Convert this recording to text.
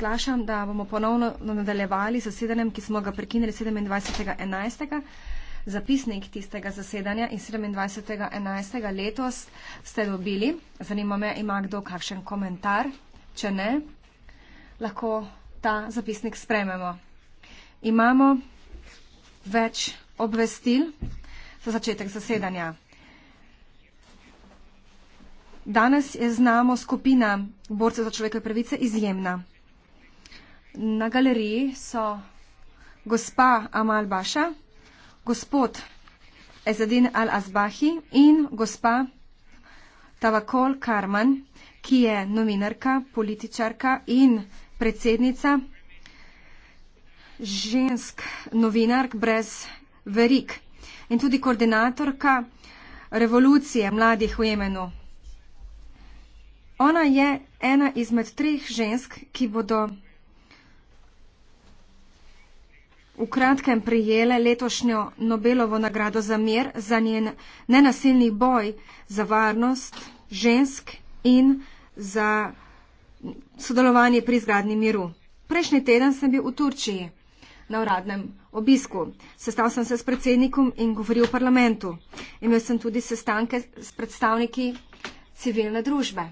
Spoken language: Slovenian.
razglašam, da bomo ponovno nadaljevali z zasedanjem, ki smo ga prekinili 27.11. Zapisnik tistega zasedanja in 27.11. letos ste dobili. Zanima me, ima kdo kakšen komentar. Če ne, lahko ta zapisnik sprememo. Imamo več obvestil za začetek zasedanja. Danes je znamo skupina borcev za človekove pravice izjemna na galeriji so gospa Amal Baša, gospod Ezadin Al-Azbahi in gospa Tavakol Karman, ki je novinarka, političarka in predsednica žensk novinark brez verik in tudi koordinatorka revolucije mladih v Jemenu. Ona je ena izmed treh žensk, ki bodo v kratkem prijele letošnjo Nobelovo nagrado za mir za njen nenasilni boj za varnost žensk in za sodelovanje pri zgradni miru. Prejšnji teden sem bil v Turčiji na uradnem obisku. Sestal sem se s predsednikom in govoril v parlamentu. Imel sem tudi sestanke s predstavniki civilne družbe.